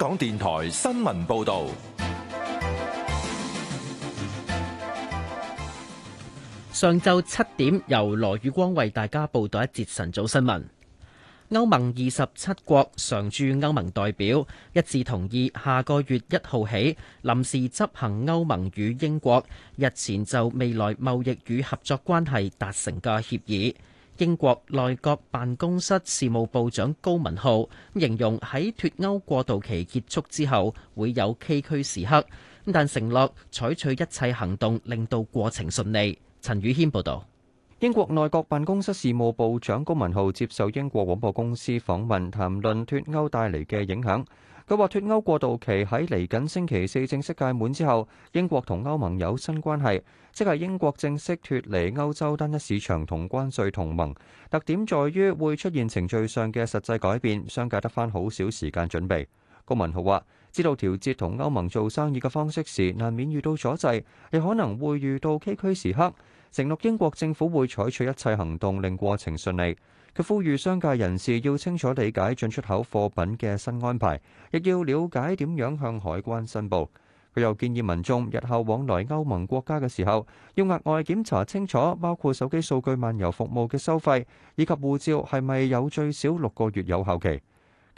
港電台新聞報道：上晝七點，由羅宇光為大家報道一節晨早新聞。歐盟二十七國常駐歐盟代表一致同意，下個月一號起臨時執行歐盟與英國日前就未來貿易與合作關係達成嘅協議。英國內閣辦公室事務部長高文浩形容喺脱歐過渡期結束之後會有崎嶇時刻，咁但承諾採取一切行動令到過程順利。陳宇謙報導。英國內閣辦公室事務部長高文浩接受英國廣播公司訪問，談論脱歐帶嚟嘅影響。佢話：脱歐過渡期喺嚟緊星期四正式屆滿之後，英國同歐盟有新關係，即係英國正式脱離歐洲單一市場同關稅同盟。特點在於會出現程序上嘅實際改變，商界得翻好少時間準備。高文豪話：知道調節同歐盟做生意嘅方式時，難免遇到阻滯，亦可能會遇到崎嶇時刻。承諾英國政府會採取一切行動令過程順利。佢呼籲商界人士要清楚理解進出口貨品嘅新安排，亦要了解點樣向海關申報。佢又建議民眾日後往來歐盟國家嘅時候，要額外檢查清楚，包括手機數據漫遊服務嘅收費，以及護照係咪有最少六個月有效期。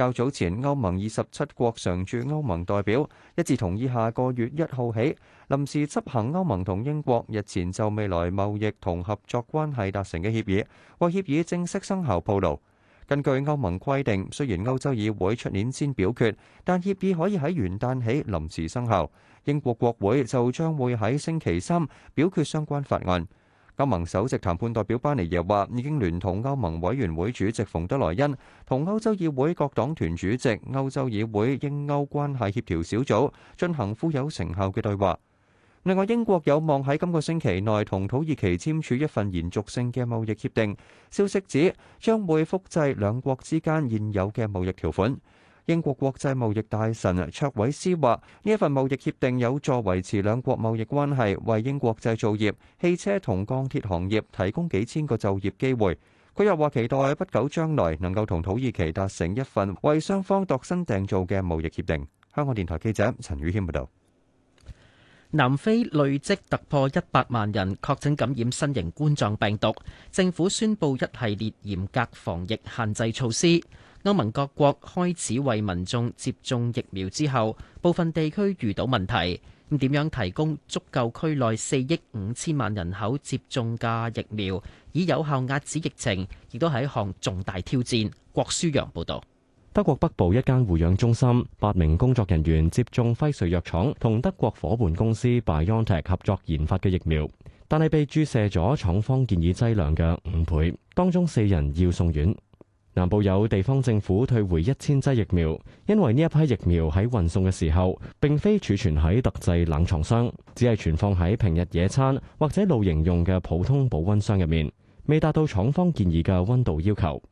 較早前，歐盟二十七國常駐歐盟代表一致同意下個月一號起臨時執行歐盟同英國日前就未來貿易同合作關係達成嘅協議，為協議正式生效鋪路。根據歐盟規定，雖然歐洲議會出年先表決，但協議可以喺元旦起臨時生效。英國國會就將會喺星期三表決相關法案。歐盟首席談判代表班尼耶話，已經聯同歐盟委員會主席馮德萊恩，同歐洲議會各黨團主席、歐洲議會英歐關係協調小組進行富有成效嘅對話。另外，英國有望喺今個星期內同土耳其簽署一份延續性嘅貿易協定。消息指，將會複製兩國之間現有嘅貿易條款。英國國際貿易大臣卓偉斯話：呢一份貿易協定有助維持兩國貿易關係，為英國製造業、汽車同鋼鐵行業提供幾千個就業機會。佢又話：期待不久將來能夠同土耳其達成一份為雙方度身訂造嘅貿易協定。香港電台記者陳宇軒報道。南非累積突破一百萬人確診感染新型冠狀病毒，政府宣布一系列嚴格防疫限制措施。歐盟各國開始為民眾接種疫苗之後，部分地區遇到問題。咁點樣提供足夠區內四億五千萬人口接種嘅疫苗，以有效壓止疫情，亦都係一項重大挑戰。郭舒揚報導。德國北部一間護養中心，八名工作人員接種輝瑞藥廠同德國夥伴公司 BioNTech 合作研發嘅疫苗，但係被注射咗廠方建議劑量嘅五倍，當中四人要送院。南部有地方政府退回一千劑疫苗，因為呢一批疫苗喺運送嘅時候，並非儲存喺特製冷藏箱，只係存放喺平日野餐或者露營用嘅普通保溫箱入面，未達到廠方建議嘅溫度要求。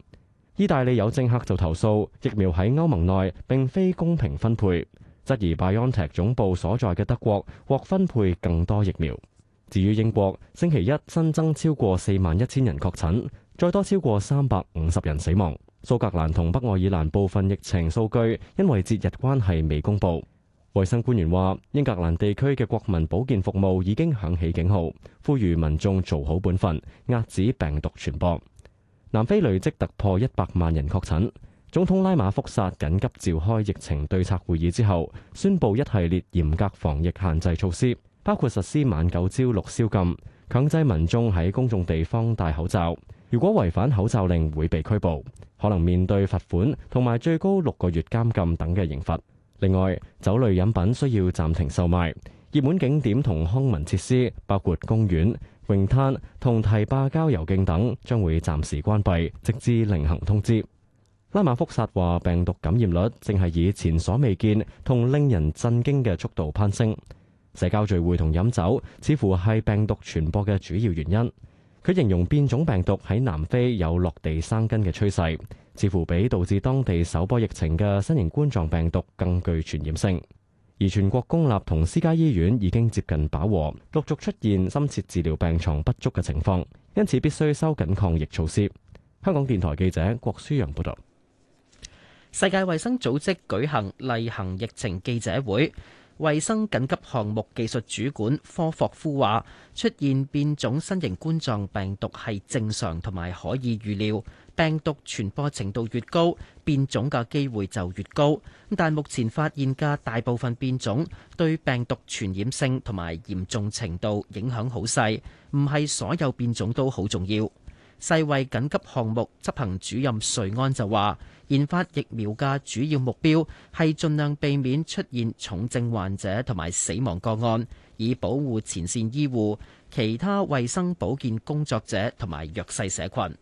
意大利有政客就投訴疫苗喺歐盟內並非公平分配，質疑拜安特總部所在嘅德國獲分配更多疫苗。至於英國，星期一新增超過四萬一千人確診，再多超過三百五十人死亡。蘇格蘭同北愛爾蘭部分疫情數據因為節日關係未公布。衛生官員話，英格蘭地區嘅國民保健服務已經響起警號，呼籲民眾做好本分，遏止病毒傳播。南非累積突破一百萬人確診，總統拉馬福薩緊急召開疫情對策會議之後，宣布一系列嚴格防疫限制措施，包括實施晚九朝六宵禁，強制民眾喺公眾地方戴口罩。如果違反口罩令，會被拘捕，可能面對罰款同埋最高六個月監禁等嘅刑罰。另外，酒類飲品需要暫停售賣，熱門景點同康文設施包括公園、泳灘同堤壩郊遊徑等將會暫時關閉，直至另行通知。拉馬福薩話，病毒感染率正係以前所未見同令人震驚嘅速度攀升。社交聚會同飲酒似乎係病毒傳播嘅主要原因。佢形容變種病毒喺南非有落地生根嘅趨勢，似乎比導致當地首波疫情嘅新型冠狀病毒更具傳染性。而全國公立同私家醫院已經接近飽和，陸續出現深切治療病床不足嘅情況，因此必須收緊抗疫措施。香港電台記者郭舒揚報道。世界衛生組織舉行例行疫情記者會，衛生緊急項目技術主管科霍夫話：出現變種新型冠狀病毒係正常同埋可以預料。病毒傳播程度越高，變種嘅機會就越高。但目前發現嘅大部分變種，對病毒傳染性同埋嚴重程度影響好細。唔係所有變種都好重要。世衛緊急項目執行主任瑞安就話，研發疫苗嘅主要目標係盡量避免出現重症患者同埋死亡個案，以保護前線醫護、其他衛生保健工作者同埋弱勢社群。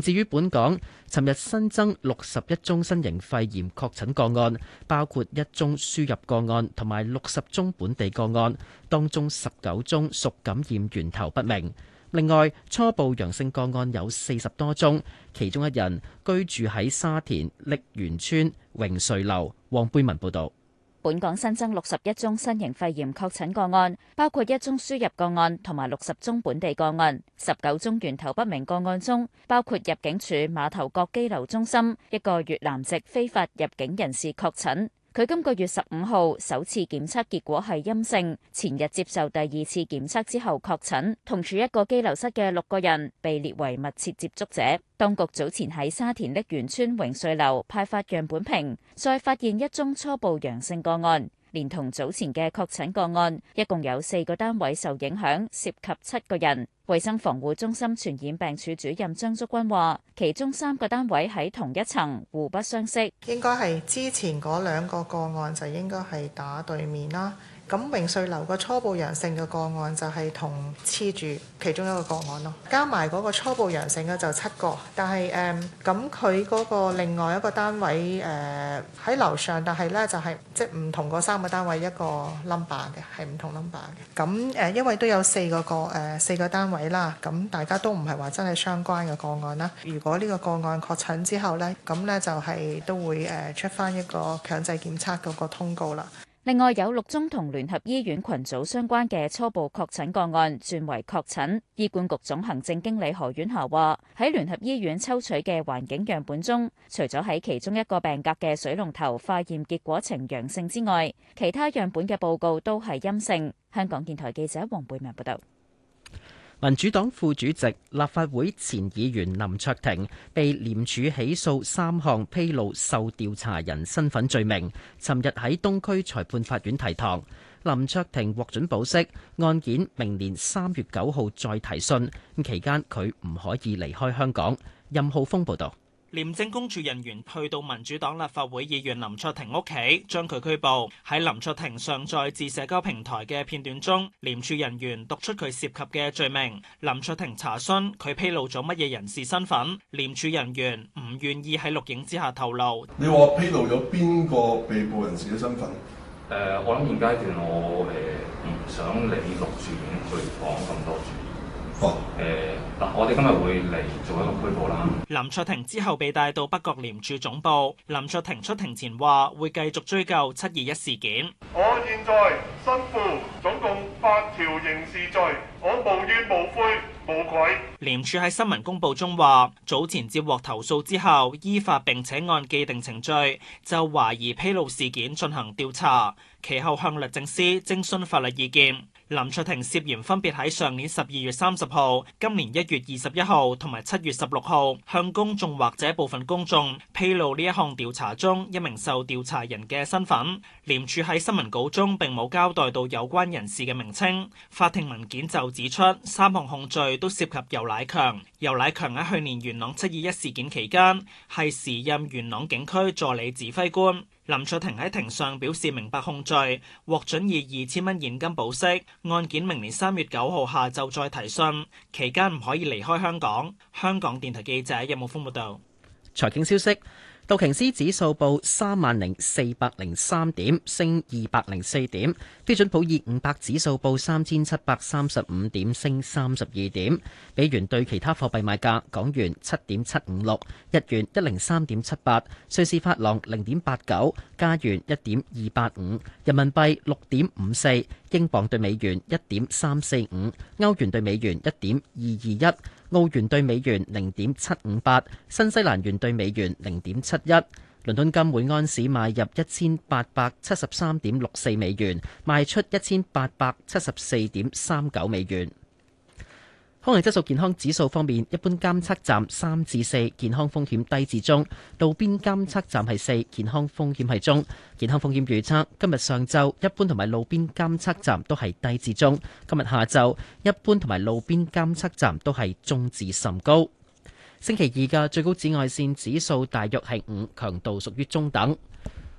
至於本港，尋日新增六十一宗新型肺炎確診個案，包括一宗輸入個案同埋六十宗本地個案，當中十九宗屬感染源頭不明。另外，初步陽性個案有四十多宗，其中一人居住喺沙田瀝源村榮瑞樓。黃貝文報道。本港新增六十一宗新型肺炎確診個案，包括一宗輸入個案同埋六十宗本地個案。十九宗源頭不明個案中，包括入境處馬頭角羈留中心一個越南籍非法入境人士確診。佢今個月十五號首次檢測結果係陰性，前日接受第二次檢測之後確診。同處一個羈留室嘅六個人被列為密切接觸者。當局早前喺沙田瀝源村榮瑞樓派發樣本瓶，再發現一宗初步陽性個案。連同早前嘅確診個案，一共有四個單位受影響，涉及七個人。衛生防護中心傳染病處主任張竹君話，其中三個單位喺同一層，互不相識。應該係之前嗰兩個個案，就應該係打對面啦。咁榮瑞樓個初步陽性嘅個案就係同黐住其中一個個案咯，加埋嗰個初步陽性嘅就七個，但係誒，咁佢嗰個另外一個單位誒喺、呃、樓上，但係咧就係即係唔同嗰三個單位一個 number 嘅，係唔同 number 嘅。咁誒、呃，因為都有四個個誒、呃、四個單位啦，咁大家都唔係話真係相關嘅個案啦。如果呢個個案確診之後咧，咁咧就係、是、都會誒出翻一個強制檢測嗰個通告啦。另外有六宗同聯合醫院群組相關嘅初步確診個案轉為確診。醫管局總行政經理何婉霞話，喺聯合醫院抽取嘅環境樣本中，除咗喺其中一個病格嘅水龍頭化驗結果呈陽性之外，其他樣本嘅報告都係陰性。香港電台記者黃貝文報道。民主黨副主席、立法會前議員林卓廷被廉署起訴三項披露受調查人身份罪名，尋日喺東區裁判法院提堂。林卓廷獲准保釋，案件明年三月九號再提訊。期間佢唔可以離開香港。任浩峰報導。廉政公署人員去到民主黨立法會議員林卓廷屋企，將佢拘捕。喺林卓廷上載至社交平台嘅片段中，廉署人員讀出佢涉及嘅罪名。林卓廷查詢佢披露咗乜嘢人士身份，廉署人員唔願意喺錄影之下透露。你話披露咗邊個被捕人士嘅身份？誒，我諗現階段我誒唔想你錄住影去講咁多。誒嗱，哦呃，我哋今日會嚟做一個拘捕啦。林卓廷之後被帶到北角廉署總部。林卓廷出庭前話會繼續追究七二一事件。我現在身負總共八條刑事罪，我無怨無悔無愧。廉署喺新聞公佈中話，早前接獲投訴之後，依法並且按既定程序就懷疑披露事件進行調查，其後向律政司徵詢法律意見。林卓廷涉嫌分別喺上年十二月三十號、今年一月二十一號同埋七月十六號向公眾或者部分公眾披露呢一項調查中一名受調查人嘅身份。廉署喺新聞稿中並冇交代到有關人士嘅名稱，法庭文件就指出，三項控罪都涉及游乃強。游乃強喺去年元朗七二一事件期間，係時任元朗警區助理指揮官。林卓廷喺庭上表示明白控罪，獲准以二千蚊現金保釋。案件明年三月九號下晝再提訊，期間唔可以離開香港。香港電台記者任武峰報道。財經消息。道瓊斯指數報三萬零四百零三點，升二百零四點。標準普爾五百指數報三千七百三十五點，升三十二點。美元對其他貨幣賣價：港元七點七五六，日元一零三點七八，瑞士法郎零點八九，加元一點二八五，人民幣六點五四。英鎊兌美元一點三四五，歐元兌美元一點二二一，澳元兌美元零點七五八，新西蘭元兌美元零點七一。倫敦金每安士買入一千八百七十三點六四美元，賣出一千八百七十四點三九美元。空氣質素健康指數方面，一般監測站三至四，健康風險低至中；路邊監測站係四，健康風險係中。健康風險預測，今日上晝一般同埋路邊監測站都係低至中，今日下晝一般同埋路邊監測站都係中至甚高。星期二嘅最高紫外線指數大約係五，強度屬於中等。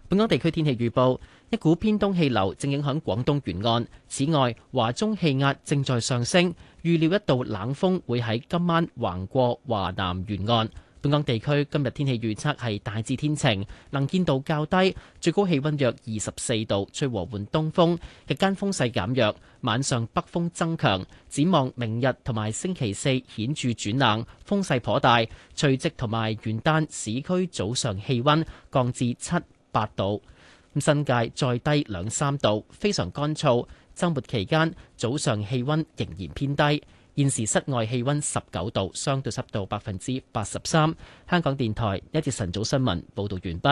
本港地區天氣預報，一股偏東氣流正影響廣東沿岸。此外，華中氣壓正在上升，預料一道冷鋒會喺今晚橫過華南沿岸。本港地區今日天氣預測係大致天晴，能見度較低，最高氣溫約二十四度，吹和緩東風，日間風勢減弱，晚上北風增強。展望明日同埋星期四顯著轉冷，風勢頗大。除夕同埋元旦，市區早上氣溫降至七。八度，咁新界再低兩三度，非常乾燥。周末期間早上氣溫仍然偏低，現時室外氣溫十九度，相對濕度百分之八十三。香港電台一節晨早新聞報道完畢。